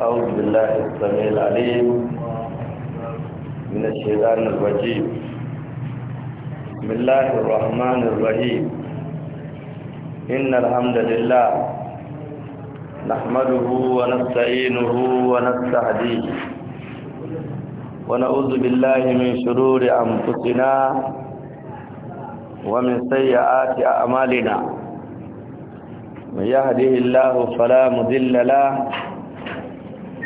أعوذ بالله السميع العليم من الشيطان الرجيم بسم الله الرحمن الرحيم إن الحمد لله نحمده ونستعينه ونستهديه ونعوذ بالله من شرور أنفسنا ومن سيئات أعمالنا من يهده الله فلا مذل له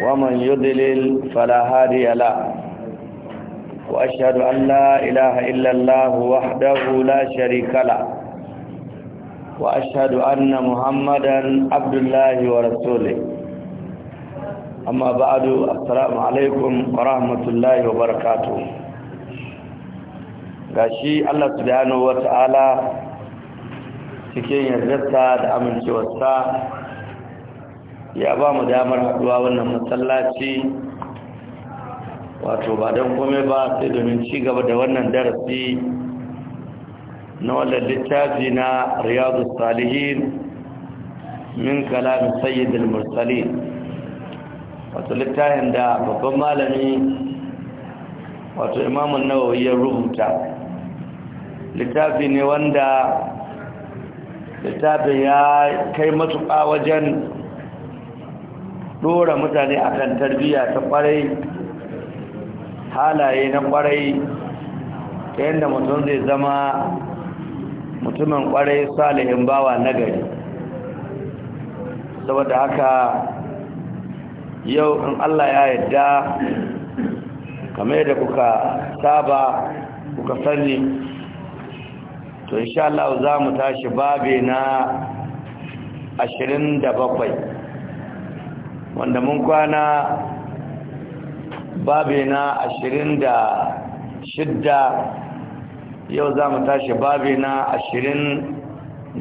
ومن يضلل فلا هادي له وأشهد أن لا إله إلا الله وحده لا شريك له وأشهد أن محمدا عبد الله ورسوله أما بعد السلام عليكم ورحمة الله وبركاته قال الله سبحانه وتعالى cikin yardarsa da amincewarsa ya ba mu damar haɗuwa wannan masallaci wato ba don kome ba sai domin ci gaba da wannan darasi na wadda littafi na riyadu salihin min kalamin sayyidul Mursali wato littafin da babban malami wato imamun Nawa ya rubuta littafi ne wanda littafin ya kai matuƙa wajen ɗora mutane a kan tarbiyya ta kwarai halaye na kwarai ta yadda mutum zai zama mutumin kwarai salihin bawa nagari saboda haka yau in Allah ya yadda kamar yadda kuka saba kuka sani to insha Allah za mu tashi babe na bakwai, wanda mun kwana babe na shidda, yau za mu tashi babe na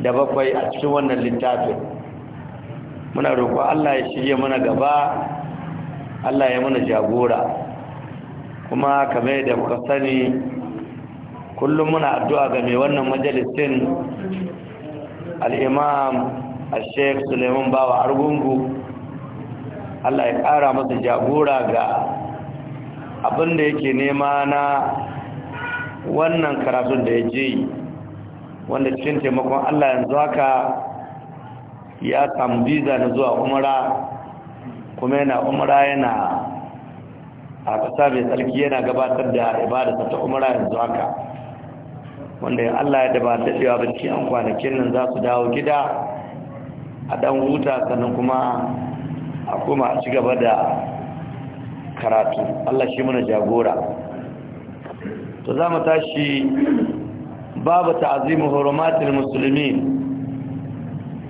bakwai a cikin wannan littafin muna roƙo Allah ya shige mana gaba Allah ya mana jagora kuma kamar da muka sani kullum muna addu'a ga mai wannan majalisin al'imam a sheik suleiman bawa argungu allah ya ƙara masa jagora ga abin abinda yake nema na wannan karatun da ya je wanda cikin taimakon allah yanzu haka ya samu biza na zuwa umara kuma yana umara yana a ƙasa mai tsarki yana gabatar da ibada ta umara yanzu haka wanda Allah ya daba daɗewa ba an kwanakin nan za su dawo gida a ɗan huta sannan kuma a kuma a ci gaba da karatu Allah shi muna jagora to za mu tashi babu ta'azimu hurumatul musulmi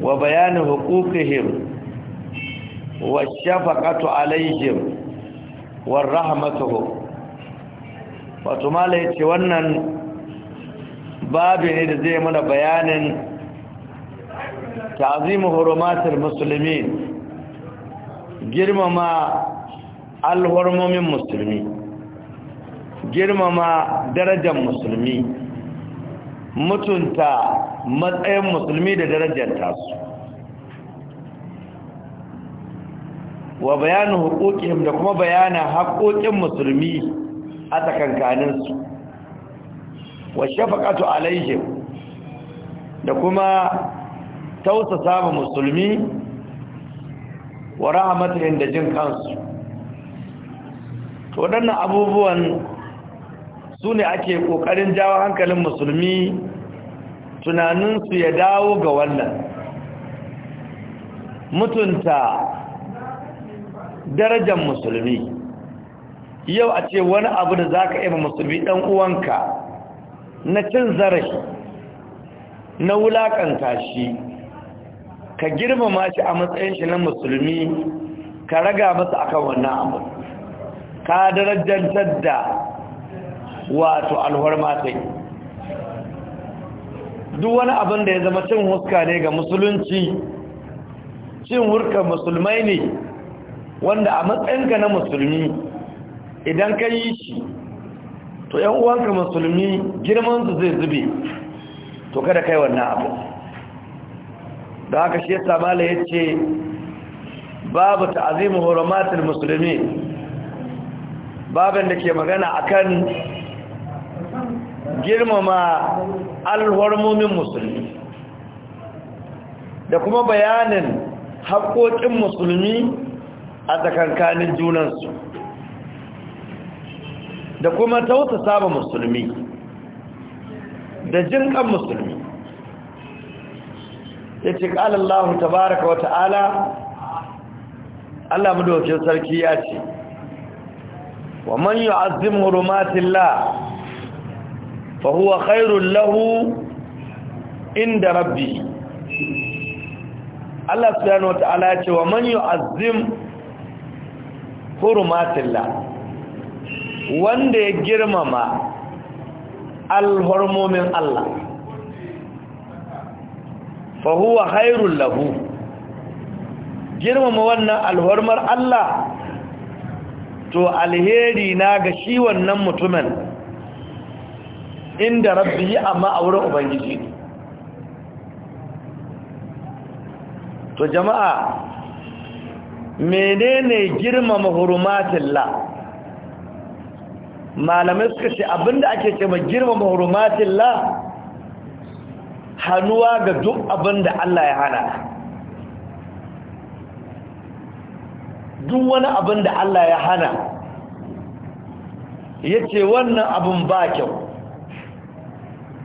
wa bayani huquqihim wa shafaqatu alaihim wa rahmatuhu wato mala ce wannan babu ne da zai mana bayanin ta'zimu hurumatul muslimin girmama alhurmomin musulmi girmama darajar musulmi mutunta matsayin musulmi da darajar tasu wa bayanin hukukihim da kuma bayanin haƙoƙin musulmi a tsakankaninsu wa shafaqatu Alayhi da kuma tausasa ba musulmi wa rahmatullahi da jin kansu to waɗannan abubuwan su ne ake ƙoƙarin jawo hankalin musulmi tunaninsu ya dawo ga wannan mutunta darajar musulmi yau a ce wani abu da za ka ima musulmi ɗan uwanka na cin zarafi na wulaƙanta shi ka girmama shi a matsayin shi na musulmi ka raga masa akan wannan abu ka darajantar da wato alhuwar matai duk wani abin da ya zama cin huska ne ga musulunci cin wurkan musulmai ne wanda a matsayinka na musulmi idan ka yi shi to yan uwanka musulmi girman su zai zube to kada kai wannan abu da haka shi yasa mala yace babu ta'zimu hurumatul musulmi baban da ke magana akan girmama alhormomin musulmi da kuma bayanin haƙoƙin musulmi a tsakankanin junansu da kuma tausasa saba musulmi da jin kan musulmi ya ce ƙalallahu tabaraka wata'ala Allah madaukin sarki ya ce wa man azim hurumatillah la huwa khairul lahu inda rabbi Allah yana wata'ala ya ce wa man yu'azzim la. wanda ya girmama alhormomin Allah fahuwa hairun lahu girmama wannan alhormar Allah to alheri na ga shi wannan mutumin inda rabbi yi amma a wurin ubangiji to jama'a menene girmama hurumatin la malamai suka ce abinda ake ce ma girmama la hannuwa ga duk abinda Allah ya hana duk wani abinda Allah ya hana ya wannan abin ba kyau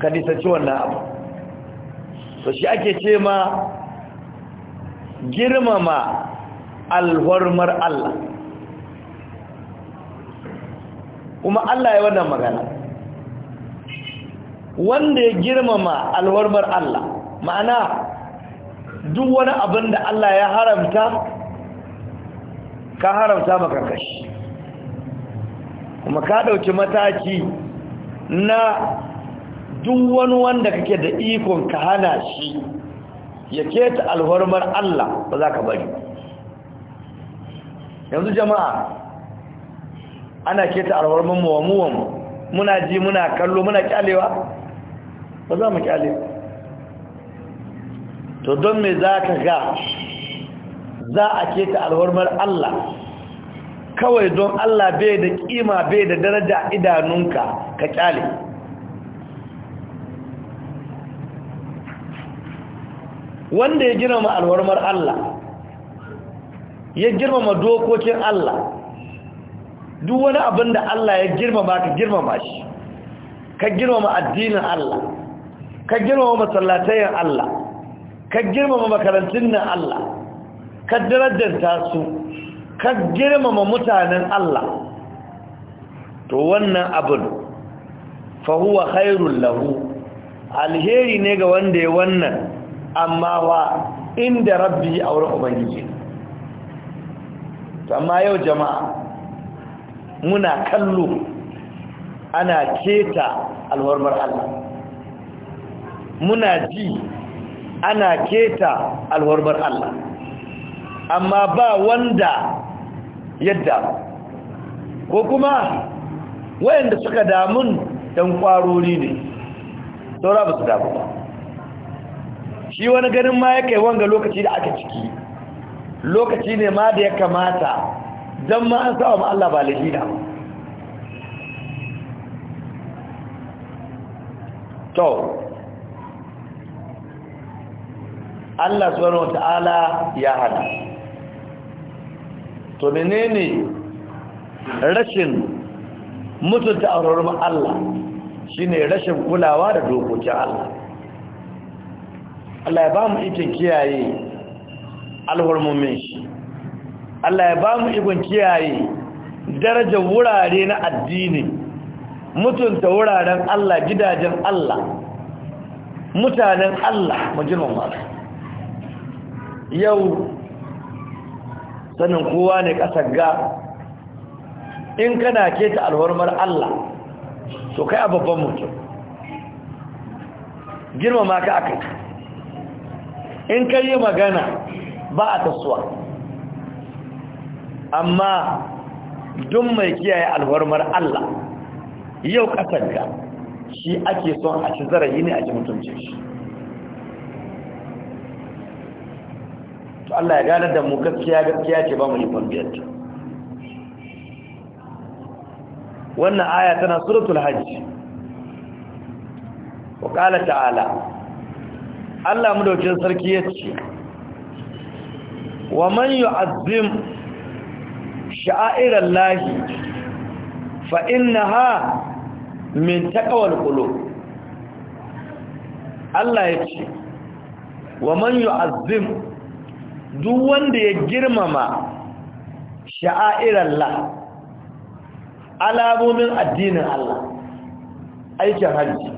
ka nisanci wannan abu to shi ake ce ma girmama alhormar Allah kuma Allah ya wannan magana wanda ya girmama alwarbar Allah ma'ana duk wani abin da Allah ya haramta ka haramta maka kashi kuma ka ɗauki mataki na duk wani wanda kake da ikon ka hana shi ya keta alhormar Allah ba za ka bari yanzu jama'a ana keta alwarmin mu wa mu wa muna ji muna kallo muna kyalewa ba za mu kyale to don me za ka ga za a keta alharmar Allah kawai don Allah bai da kima bai da daraja idanunka ka kyale wanda ya girma alwarmar Allah ya girmama dokokin Allah duk wani abin da Allah ya girmama ka girmama shi ka girmama addinin Allah ka girmama masallatayen Allah ka girmama makarantun nan Allah ka darajanta su ka girmama mutanen Allah to wannan abin fa huwa khairul lahu alheri ne ga wanda ya wannan amma wa inda rabbi a ubangiji amma yau jama'a muna kallo ana keta alwarmar Allah muna ji ana keta alwarmar Allah amma ba wanda yadda ko kuma wayanda suka damun dan kwarori ne saura ba su damu ba shi wani ganin ma ya kai wanga lokaci da aka ciki lokaci ne ma da ya kamata don ma an sawa ma Allah ba lahina ba to Allah subhanahu wata'ala ya hana to ne rashin mutunta aurorin Allah ne rashin kulawa da dokokin Allah Allah ya ba mu ikin kiyaye alhormomin shi Allah ya ba mu ikon kiyaye darajar wurare na addini mutunta wuraren Allah gidajen Allah mutanen Allah majinun masu yau sanin kowa ne ƙasar ga in kana keta alhormar Allah to kai a babban mutum girmama ka aka in kai yi magana ba a tasuwa amma duk mai kiyaye alwarmar Allah yau ka shi ake son a ci zarafi ne a ji mutunce shi to Allah ya gane da mu gaskiya gaskiya ce ba mu ikon biyarta wannan aya tana suratul hajj wa qala ta'ala Allah mu dauke sarki yace wa man yu'azzim sha'airar lahi fa'in na ha min taƙawar ƙulo Allah ya ce wa man azim duk wanda ya girmama sha'airar la alamomin addinin Allah aikin hajji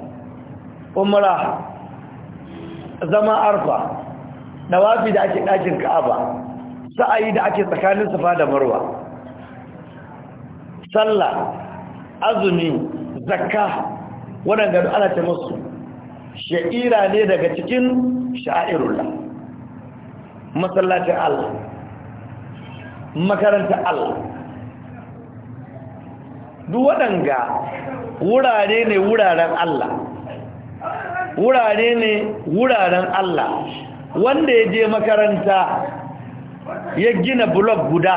umra zama arfa dawafi da ake ɗakin ka'aba sa'ayi da ake tsakanin safa da marwa sallah azumi zakka waɗanda ana ce musu sha'ira ne daga cikin sha'irullah masallacin Allah makaranta Allah duk waɗanda wurare ne wuraren Allah wurare ne wuraren Allah wanda ya je makaranta ya gina blog guda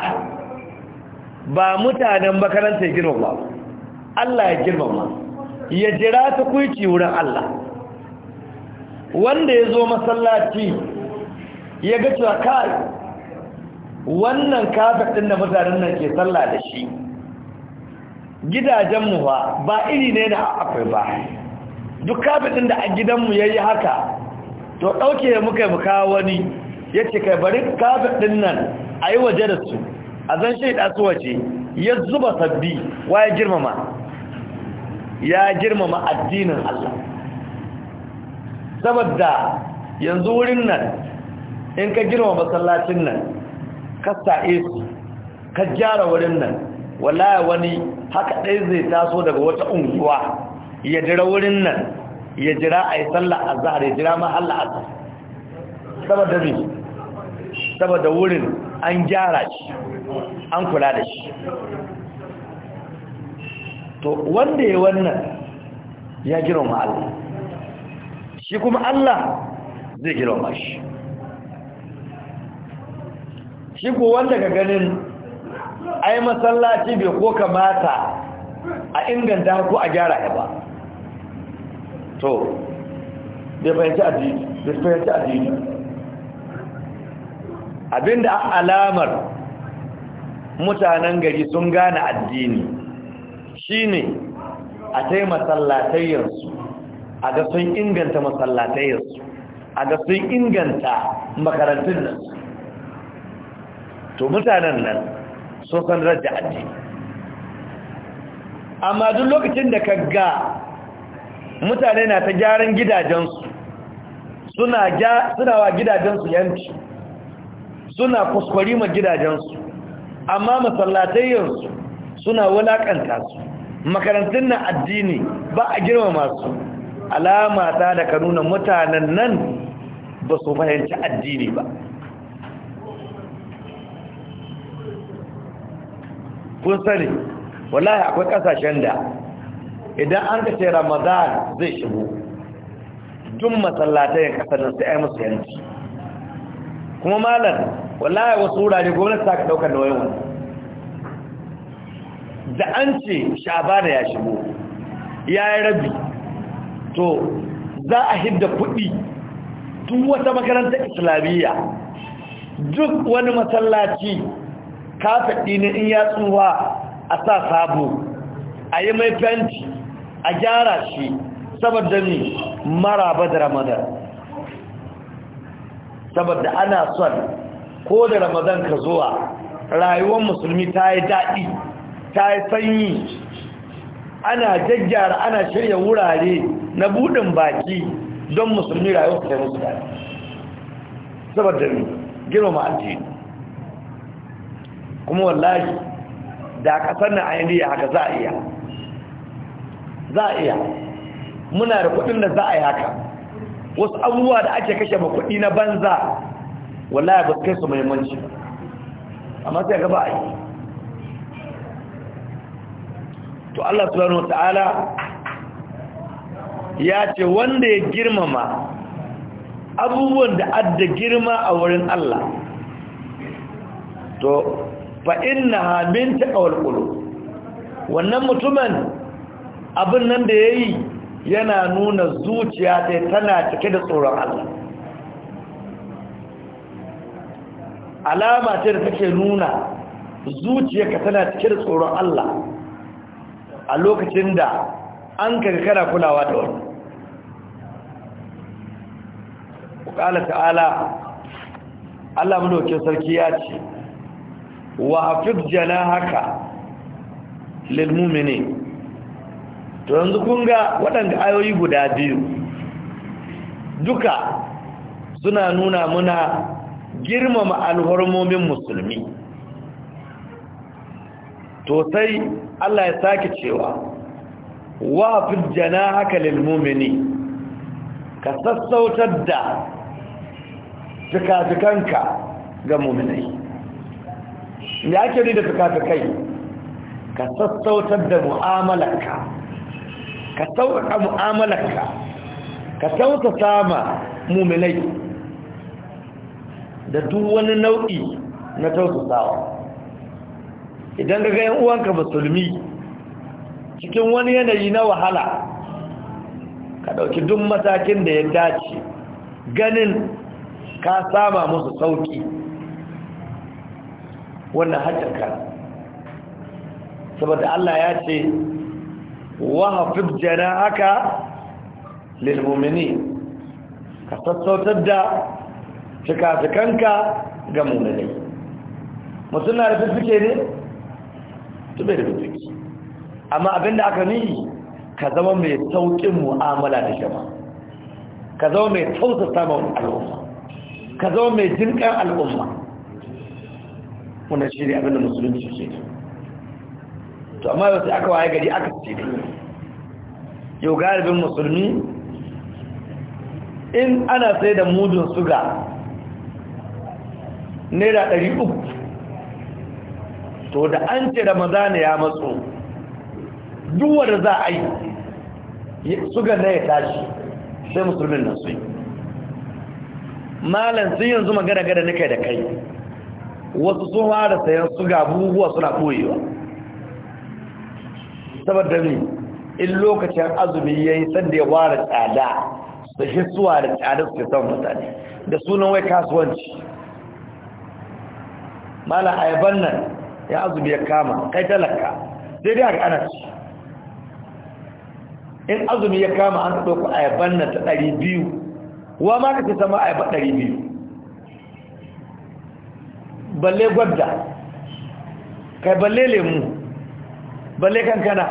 ba mutanen makaranta ya girmama Allah ya girmama ya jira ta kuici wurin Allah wanda ya zo masallaci ya ga cewa kai wannan kafin ɗin da mutanen nan ke sallah da shi gidajenmu ba ba iri ne da akwai ba duk kafin ɗin da a gidanmu ya yi haka to ɗauke muka yi muka wani ya ce kai bari kafet ɗin nan a yi waje da su A shi shaida su ce ya zuba sabbi wa ya girmama ya girmama addinin Allah saboda yanzu wurin nan in ka girmama masallacin nan ka sa'e su ka gyara wurin nan wallahi wani haka ɗaya zai taso daga wata unguwa ya jira wurin nan ya jira a yi sallah a zahar ya jira ma Allah saboda saboda wurin an gyara shi an kula da shi to wanda ya wannan ya girma Allah shi kuma Allah zai girma shi shi ko wanda ka ganin ai masallaci bai ko kamata a inganta ko a gyara ya ba to bai fahimci addini bai fahimci addini abinda alamar mutanen gari sun gane addini shine a tai masallatayyarsu a ga sun inganta masallatayyarsu a ga sun inganta makarantun nan to mutanen nan sun san rajja addini amma duk lokacin da ka ga mutane na ta gyaran gidajensu suna wa gidajensu yanci suna kuskwari ma gidajensu amma masallatayyansu suna wulakanta su makarantun na addini ba a girmama su alama ta da kanuna mutanen nan ba su fahimci addini ba kun sani wallahi akwai ƙasashen da idan an ka ce ramadan zai shigo dun masallatai kasar nan sai ai musu yanci kuma malar wallahi wasu wurare gwamnati ta ka daukar da wayewa da an ce shabana ya shigo ya yi rabi to za a hidda kuɗi tun wata makarantar islamiyya duk wani masallaci kafaɗi ne in ya tsuwa a sa sabo a yi mai fenti a gyara shi saboda ni ba da ramadar saboda ana son ko da ramadan ka zuwa rayuwar musulmi ta yi daɗi ta yi sanyi ana jajjara ana shirya wurare na buɗin baki don musulmi rayuwar ta yi musu daɗi saboda girma addini kuma wallahi da ƙasar na ainihi haka za a iya za a iya muna da kuɗin da za a yi haka wasu abubuwa da ake kashe ma kuɗi na banza wallahi ba kai su muhimmanci amma sai ga a yi to Allah subhanahu wataala ya ce wanda ya girmama abubuwan da adda girma a wurin Allah to fa innaha min taqwal qulub wannan mutumin abin nan da yayi yana nuna zuciya ta tana cike da tsoron Allah alama ce da take nuna zuciyarka tana cike da tsoron Allah a lokacin da an kaga kana kulawa da wani ƙala ta'ala Allah madaukin sarki ya ce wa hafif jana haka mu'mini to yanzu kun ga waɗanda ayoyi guda biyu duka suna nuna muna girmama alhormomin musulmi to sai Allah ya sake cewa wa jana haka lil mu'mini ka sassautar da fikafikanka ga mu'minai ya ake ni da fikafikai ka sassautar da mu'amalarka ka sauƙa mu'amalarka ka sauƙaƙa sama mu'minai da duk wani nau'i na tausasawa idan ga yan uwanka musulmi cikin wani yanayi na wahala ka ɗauki duk matakin da ya dace ganin ka saba musu sauki wannan hajjarka saboda Allah ya ce hafif jana haka lilmumini ka sassautar da fikafikanka ga munanai mutum na da fiffike ne? tube da fiffike amma abinda aka nihi ka zama mai saukin mu'amala da shama ka zama mai tausasa ma al'umma ka zama mai jinƙan al'umma wannan shi ne abinda musulunci ke to amma yau sai aka waye gari aka ce ne yau galibin musulmi in ana sai da mudun suga naira ɗari uku to da an ce ramadana ya matso duwar za a yi suga na ya tashi sai musulmin na su yi malam sun yanzu magana gada nika da kai wasu sun hada sayan suga abubuwa suna koyewa saboda ne in lokacin azumi ya yi sanda ya ware tsada da shi suwa da tsada su ke son mutane da sunan wai kasuwanci mala ayaban nan ya azumi ya kama kai talaka sai dai aka ana ci in azumi ya kama an ɗauku ayaban nan ta ɗari biyu wa ma ka ce sama ayaba ɗari biyu balle gwadda kai balle lemu balle kankana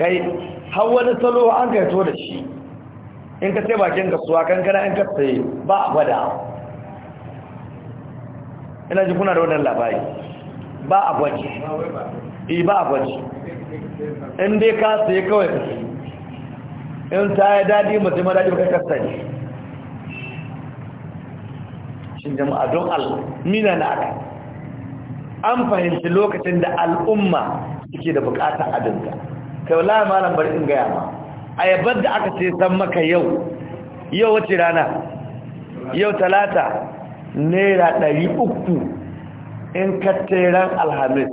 kai har wani salo an kai to da shi in ka sai bakin kasuwa kankana in ka sai ba a gwada ina ji kuna da wannan labari ba a gwaji i e, ba a gwaji in dai ka sai kawai ka sai in ta yi daɗi mutum ma daɗi ba kai kasta ne shin jama'a don al'amina na aka an fahimci lokacin da al'umma suke da bukatar adinka kai wala malam bari in gaya ma a yabar da aka ce san maka yau yau wace rana yau talata naira ɗari uku in ka teran alhamis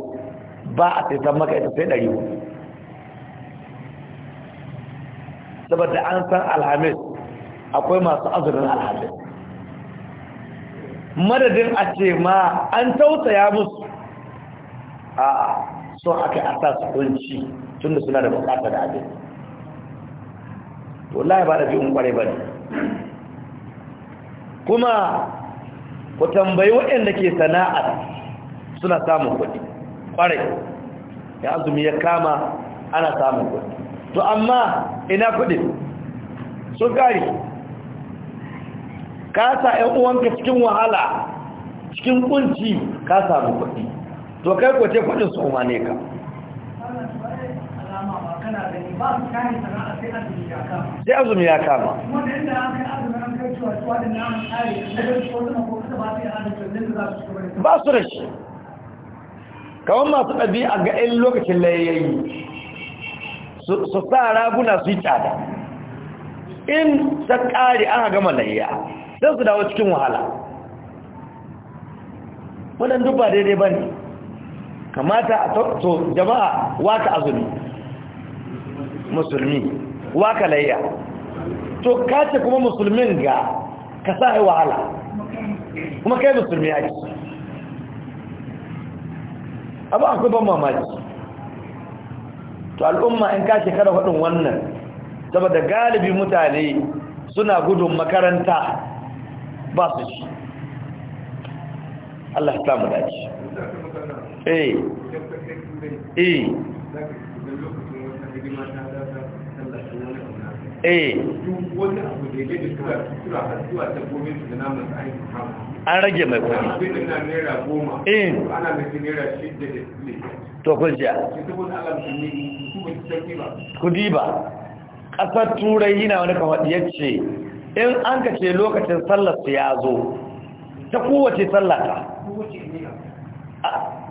ba a taitan maka ita sai ɗari uku saboda an san alhamis akwai masu azurin alhamis madadin a ce ma an tausaya musu a sun aka a sa su kunci tun da suna da da abin to lai ba da fi in ba ne kuma ku tambayi waɗanda ke sana'ar suna samun kuɗi ƙwarai ya azumi ya kama ana samun kuɗi to amma ina kuɗin sun ƙari ka sa ‘yan uwanka cikin wahala cikin kunci ka samu kuɗi to kai kwace kuɗin su umarne ka sai azumi ya kama ba su da shi kawon masu ɗabi'a ga ɗin lokacin layayi su sa raguna su yi tsada in ta ƙari an gama layya don su dawo cikin wahala waɗanda ba daidai ba ne kamata a to jama'a waka azumi musulmi waka layya to kace kuma musulmin ga ka ai wahala kuma kai musulmi ake abu akwai ban mamaki to al'umma in ka shekara hudun wannan saboda galibi mutane suna gudun makaranta ba su shi Allah ta samu dace eh eh Eh. an rage mai kudi eh. to kudi ba ƙasar turai yana wani kawai ce in an ka ce lokacin sallarsa ya zo ta kowace sallata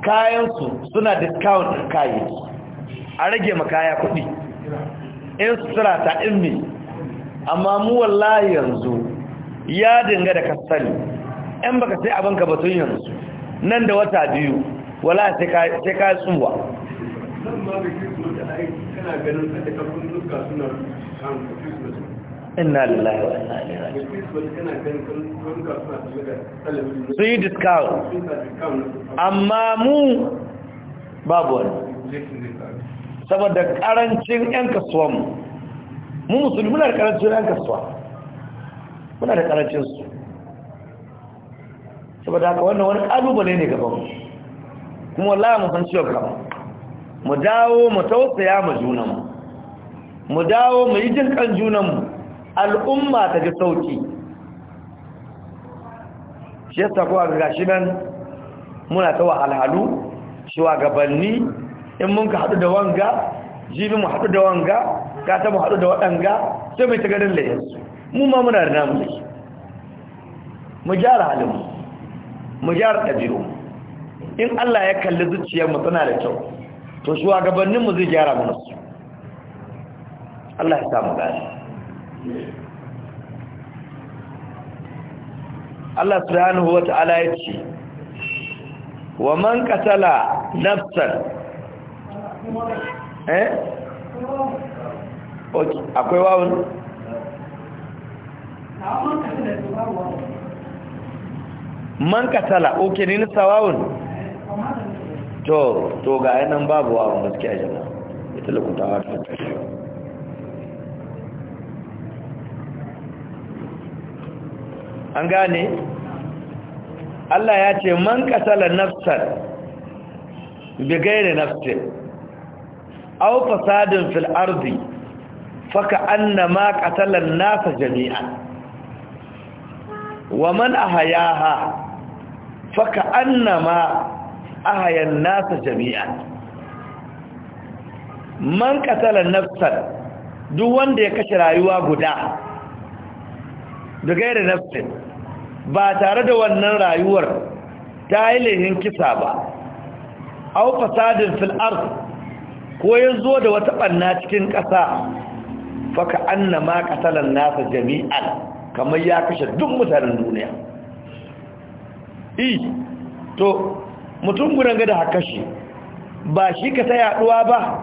kayansu suna discount kayi a rage makaya kudi in sutura ta in amma mu wallahi yanzu ya dinga da kasani in baka sai abinka batun yanzu nan da wata biyu wala sai ka tsuwa inna lillahi wa inna ilaihi raji'un sun yi discount amma mu babu wani saboda karancin 'yan kasuwan mu musulmi muna da karancin 'yan kasuwa muna da su saboda haka wannan wani kalubale ne gaban mu kuma wallahi mu san cewa kama mu dawo mu tausaya mu junanmu mu dawo mu yi jin kan junanmu al'umma ta ji sauki shi yasa ko ga gashi nan muna ta wahalhalu shugabanni in mun ka haɗu da wanga jibi mu haɗu da wanga gata mu haɗu da waɗanga sai mai ta garin layarsu mu ma muna da namu ne mu gyara halin mu gyara ɗabi'u in Allah ya kalli zuciyar mu tana da kyau to shugabanninmu zai gyara mana su Allah ya samu gari Allah subhanahu wa ta'ala ya ce wa man qatala nafsan eh ok akwai wawun man katala ok ne nisa wawun to to ga yanan babu wawun gaskiya jama'a ita lakutawa ta tashi an gane Allah ya ce man katala nafsar bi gairi nafsin aw fasadin fil ardi faka annama qatala an-nasa jami'an wa man ahayaha faka annama ahaya an-nasa jami'an man qatala nafsan duk wanda ya kashe rayuwa guda da gaira nafsin ba tare da wannan rayuwar ta yi lehin kisa ba au fasadin fil ard ko ya zo da wata ɓanna cikin ƙasa faka an na ma ƙasalar nasa jami'an kamar ya kashe duk mutanen duniya i to mutum gudan da haka shi ba shi ka ta Yaɗuwa ba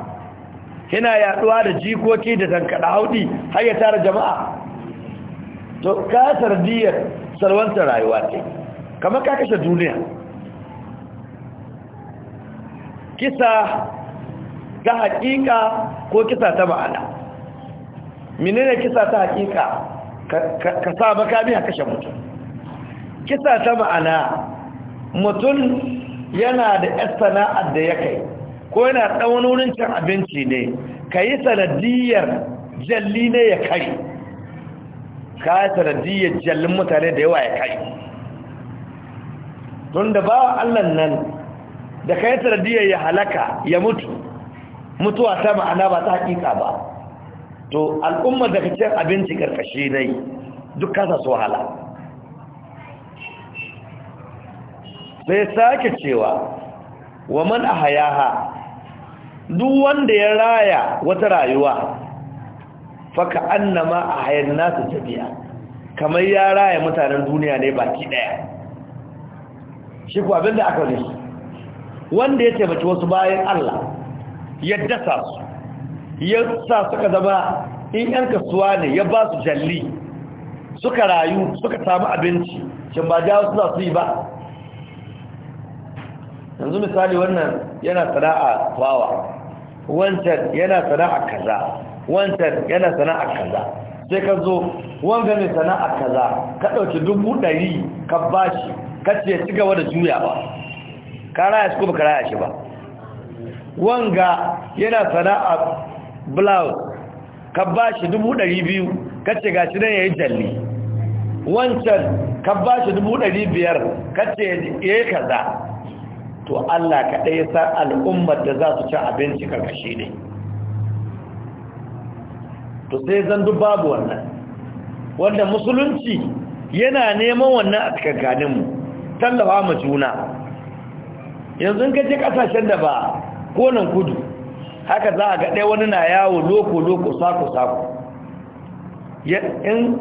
yana Yaɗuwa da jikoki da tankaɗa hauɗi har ya tara jama'a to ka sardiyar salwantar rayuwa ce kamar ka kashe duniya kisa ta haƙiƙa ko kisa ta ma'ana menene kisa ta haƙiƙa ka sa makami a kashe mutum kisa ta ma'ana mutum yana da yan sana'ar da ya kai ko yana ɗaunin wurin cin abinci ne ka yi sanadiyar jalli ne ya kai ka yi sanadiyar jallin mutane da yawa ya kai tun da ba allan nan da ka yi sanadiyar ya halaka ya mutu mutuwa ta ma'ana ba ta hakika ba to al'ummar da kacin abinci karkashi dai duk kasa su wahala sai sake cewa wa man ahayaha duk wanda ya raya wata rayuwa faka annama ahayan nasu jami'a kamar ya raya mutanen duniya ne baki daya shi ku abinda aka nishi wanda ya taimaki wasu bayan Allah ya dasa su ya sa suka zama in yan kasuwa ne ya ba su jalli suka rayu suka samu abinci shin ba jawo su za su yi ba yanzu misali wannan yana sana'a kwawa wancan yana sana'a kaza wancan yana sana'a kaza sai ka zo wanga mai sana'a kaza ka ɗauki dubu ɗari ka bashi ka ce ci gaba da juyawa ka raya shi ko ba ka raya shi ba wanga yana sana'a blouse ka ba shi dubu ɗari biyu ka ga shi nan ya yi jalli wancan ka ba shi dubu ɗari biyar kace ya yi kaza to Allah ka ɗaya sa al'ummar da za su ci abinci ƙarƙashi ne to sai zan duk babu wannan wanda musulunci yana neman wannan a ganinmu, tallafa ma juna yanzu ka je ƙasashen da ba ko nan kudu haka za a ga wani na yawo loko-loko sako-sako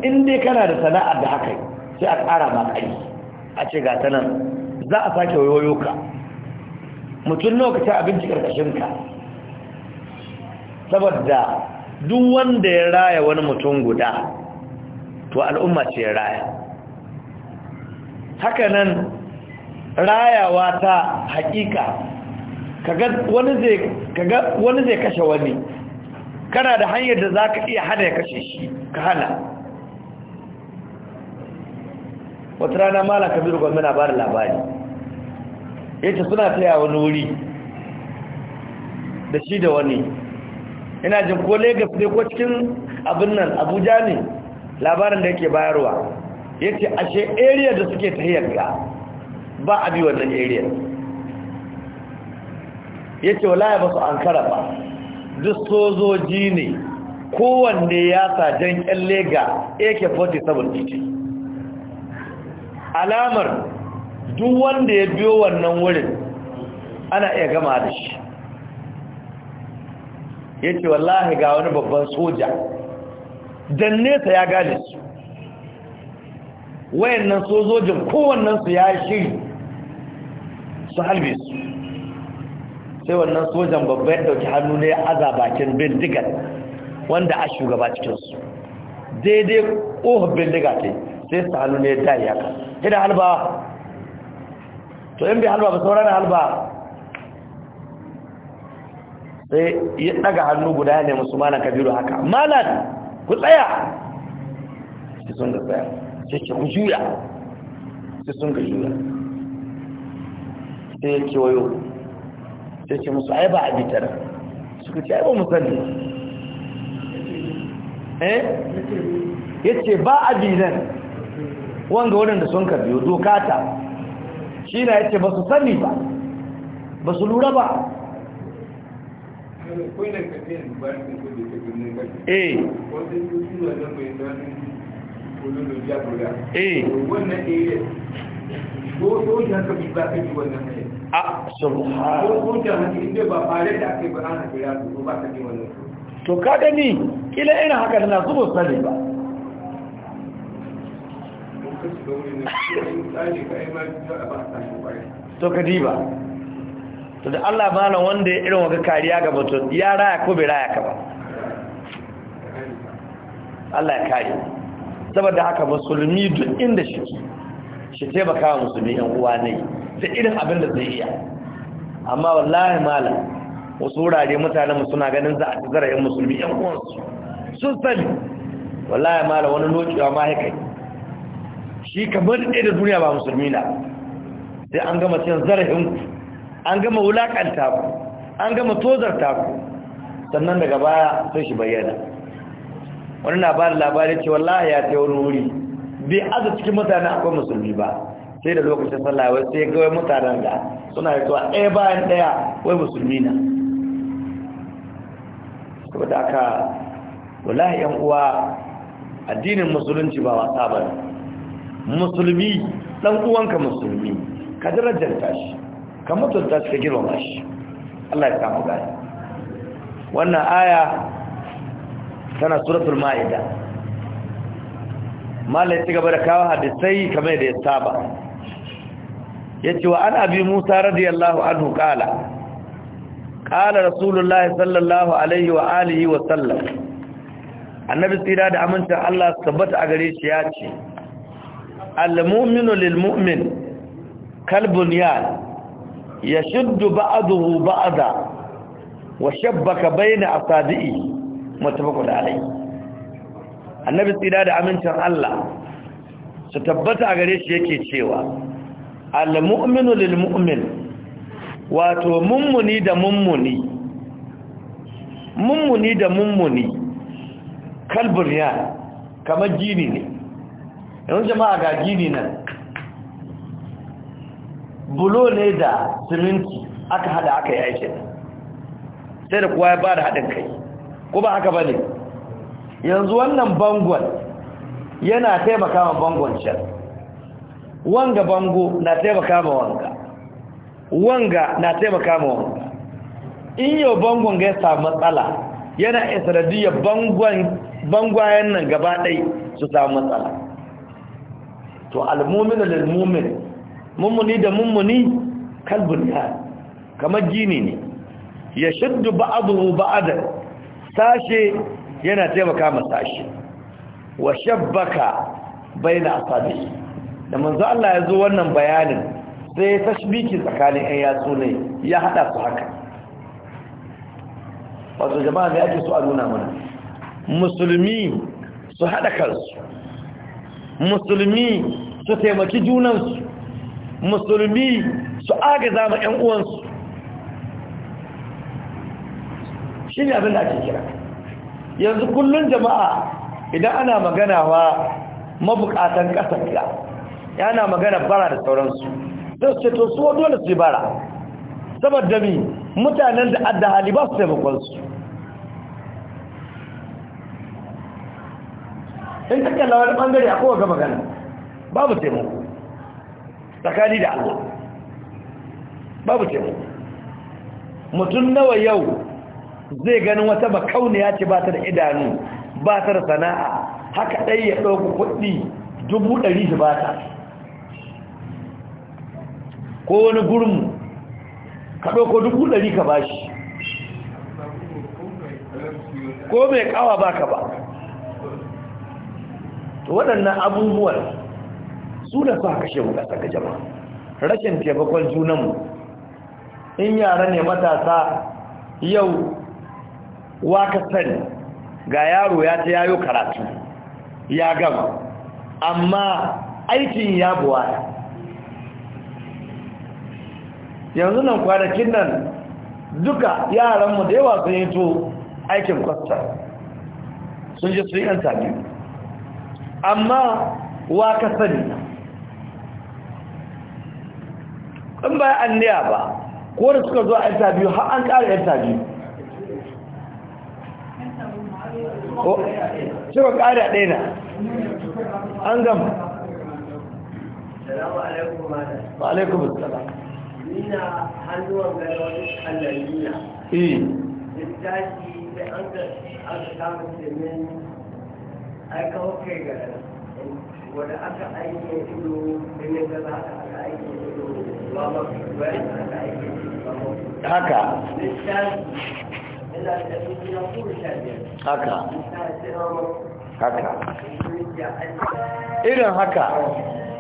in dai kana da sana'ar da haka sai a ƙara ma a ce ga nan, za a sake wayoyo ka mutum lokacin abinci ƙarƙashinka saboda duk wanda ya raya wani mutum guda to al'umma ce ya raya haka nan rayawa ta haƙiƙa kaga wani zai kashe wani kana da hanyar da za ka iya hana ya kashe shi ka hana wata rana mala kabiru gwamna ba da labari ya ce suna taya wani wuri da shi da wani ina jin ko lagos ne ko cikin abin nan abuja ne labarin da yake bayarwa ya ce ashe area da suke ta yi ga ba abi wannan area ya ce wala ya basu an karaba ba duk sojoji ne kowanne ya sa jan kyalle ga ak-47 alamar duk wanda ya biyo wannan wurin ana iya gama da shi ya ce wallahi ga wani babban soja dan nesa ya gane su wayannan sojojin kowannensu ya shiri su halbe su sai wannan sojan babba ya dauki hannu ne ya aza bakin bindigar wanda a shugaba cikinsu daidai ƙohon bindiga ce. sai su hannu ne ya dayi haka yana halba to in bai halba ba sauran halba sai yi ɗaga hannu guda ya nemi su malan kabiru haka malar ku tsaya sai sun ga tsaya sai ke ku juya sai sun ga juya sai ke wayo sai ce musu ai ba a bitar suka ce ai ba mu sani eh yace ba a nan wanga wadanda sun ka biyo doka ta shi na yace ba su sani ba ba su lura ba eh eh wannan eh ko ya ka bi ba ka ji wannan eh to ka gani kila irin haka na zubo sani ba to ka ba to da Allah na wanda irin waka kariya ga mutum ya raya ko bai raya ka ba Allah ya kari saboda haka musulmi duk inda shi shi taimaka wa musulmi yan uwa ne da irin abin da zai iya amma wallahi malam wasu wurare mutanen mu suna ganin za a ci yan musulmi yan uwansu sun sani wallahi malam wani lokaci ma haka shi kamar da da duniya ba musulmi na sai an gama cin zarafin an gama wulakanta ku an gama tozarta ku sannan daga baya sai shi bayyana wani na ba ce wallahi ya ce wani wuri bai aza cikin mutane akwai musulmi ba sai da lokacin sallah wai sai ga mutanen da suna yi zuwa ɗaya bayan ɗaya wai musulmi na saboda aka wallahi yan uwa addinin musulunci ba wasa ba musulmi dan uwanka musulmi ka darajarta shi ka mutunta shi ka girma shi Allah ya samu gani wannan aya tana suratul ma'ida malai ci gaba da kawo hadisai kamar da ya saba Ya ce wa an abi musa radiyallahu anhu kala. Kala rasulullahi sallallahu alaihi wa alihi wa sallam annabi tsira da amincin Allah tabbata a gare shi ya ce al-mu'minu lil-mu'min kalbun ya ya yashuddu ba'dahu ba'da wa shabbaka bayna asadi'i muttafaqun alayhi annabi tsira da amincin Allah su tabbata a gare shi yake cewa al-mu'minu lil-mu'min wato mummuni da mummuni mummuni da mummuni ya kamar gini ne yanzu jama'a ga gini nan bulo ne da siminti aka hada aka yi aikin sai da kuwa ya ba da haɗin kai ko ba haka ba ne yanzu wannan bangon yana taimaka wa bangon can wanga bango na taimaka ma wanga wanga na taimaka ma wanga in yau bangon ga ya samu matsala yana isaradiyya bangon bangwayen nan gaba ɗai su samu matsala to almumin mumin mummuni da mummuni kalbun ya kamar gini ne ya shuddu ba'adu ba'adar sashe yana taimaka masa shi wa shabbaka baina asabi da manzo Allah ya zo wannan bayanin sai tashbiki tsakanin ɗan yatsu ya hada su haka wato jama'a ne ake so a nuna mana musulmi su hada kansu musulmi su taimaki junansu musulmi su agaza ma 'yan uwansu shi ne abin da ake kira yanzu kullun jama'a idan ana magana wa mabukatan ƙasar ya yana magana bara da sauransu zai ce to su dole su bara saboda mi mutanen da adda hali ba su su. in kalla wani bangare a kowaga magana babu taimako tsakani da allah babu taimako mutum nawa yau zai ganin wata ya ce ba ta da idanu ba ta da sana'a haka ɗai ya ɗauku kuɗi dubu ɗari shi ba ta ko wani gurmu ka ɗauko dubu ɗari ka ba shi ko mai ƙawa ba ka ba waɗannan abubuwan su da su haka shehu ga saka jama'a rashin tebakon junanmu in yara ne matasa yau wa ka sani ga yaro ya ta yayo karatu ya gama amma aikin ya buwa yanzu nan kwanakin nan duka yaranmu da yawa sun yi to aikin kwasta sun ji sun yi an sami amma wa ka sani in ba an ba ko da suka zo a interview har an ƙara interview ko ba ƙada ɗaya na an gama salamu alaikum ba alaikum salam nina hannuwan gada wani kallon da tashi da an ga samun domin aika kai ga wadda aka aiki ido da ne ga za aka aiki ido ba mafi bayan aka aiki ido ba mafi haka haka haka irin haka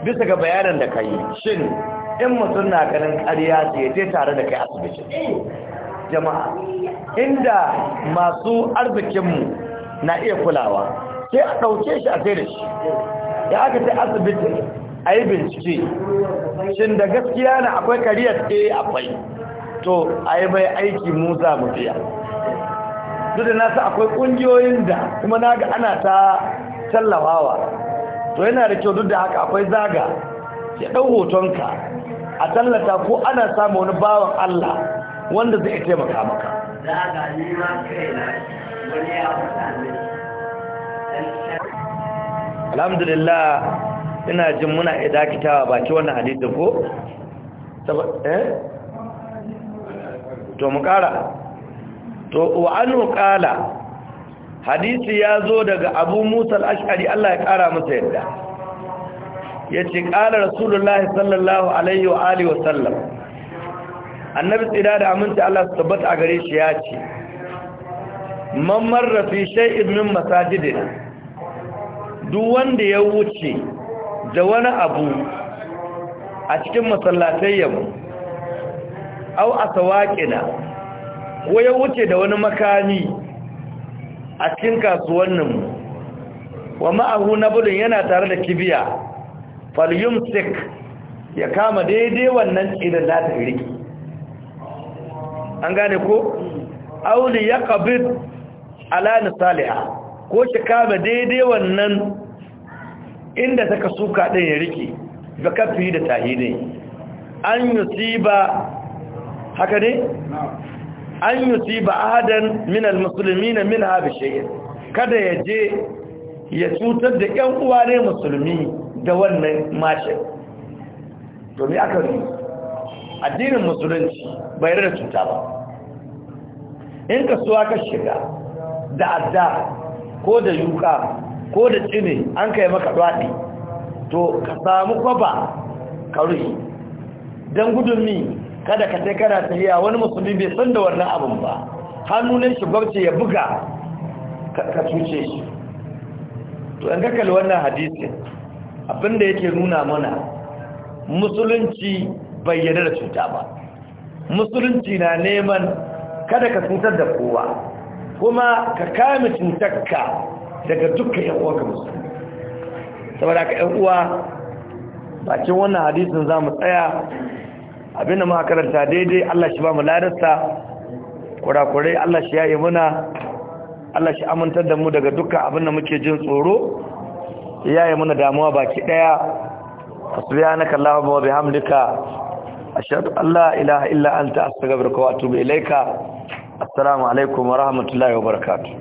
bisa ga bayanan da kai shin in mutum na ganin ƙarya ce ce tare da kai asibiti jama'a inda masu arzikinmu na iya kulawa sai a ɗauke shi a sai da shi da aka ta asibiti a yi bincike shin da gaskiya na akwai kariyar ɗaya eh, akwai to a yi bai aiki mu za mu biya duk da nasa akwai ƙungiyoyin da kuma na ga ana ta tallafawa to yana da kyau duk da haka akwai zaga ya ɗau hotonka a tallata ko ana samu wani bawan Allah wanda zai taimaka maka zaga ni alhamdulillah ina jin muna kitawa baki wannan hadisi ko eh? to mu kara to wa anhu qala hadisi ya zo daga abu musa al-ash'ari Allah ya kara masa yadda yace qala rasulullahi sallallahu alaihi wa alihi wa sallam annabi tsira da aminci Allah su tabbata a gare shi yace man marra fi shay'in min masajidina duk wanda ya wuce da wani abu a cikin masallatai yamu au asawaqina ko ya wuce da wani makami a cikin nan wa ma'ahu nabulun yana tare da kibiya falyumsik ya kama daidai wannan idan za ta riki an gane ko auli ya kabir ala saliha ko shi kama daidai wannan inda ta suka ɗin ya riki ga kafi da tahidai an yusiba haka ne an yusiba minal musulmi na minha haɓe shay'in kada ya je ya cutar da ƴan uwa ne musulmi da wannan mashin to aka yi addinin musulunci bai da cuta ba in ka suwa ka shiga da adda ko da yuka ko da cini an ka yi maka ɗwaɗi to ka samu kwaba ka rufi don gudun kada ka sai kana tafiya wani musulmi bai san da wannan abin ba hannunan shi gwamce ya buga ka cuce shi to an kakal wannan hadisi abinda yake nuna mana musulunci bai yarda da cuta ba musulunci na neman kada ka cutar da kowa kuma ka kame cutarka daga duka yan uwa ga musulmi saboda ka yan uwa bakin wannan hadisin za mu tsaya abinda muka karanta daidai Allah shi ba mu ladarsa kurakurai Allah shi yayi muna Allah shi amintar da mu daga dukkan abinda muke jin tsoro yayi muna damuwa baki daya subhanaka allahumma wa bihamdika ashhadu an la ilaha illa anta astaghfiruka wa atubu ilaika assalamu alaikum wa rahmatullahi wa barakatuh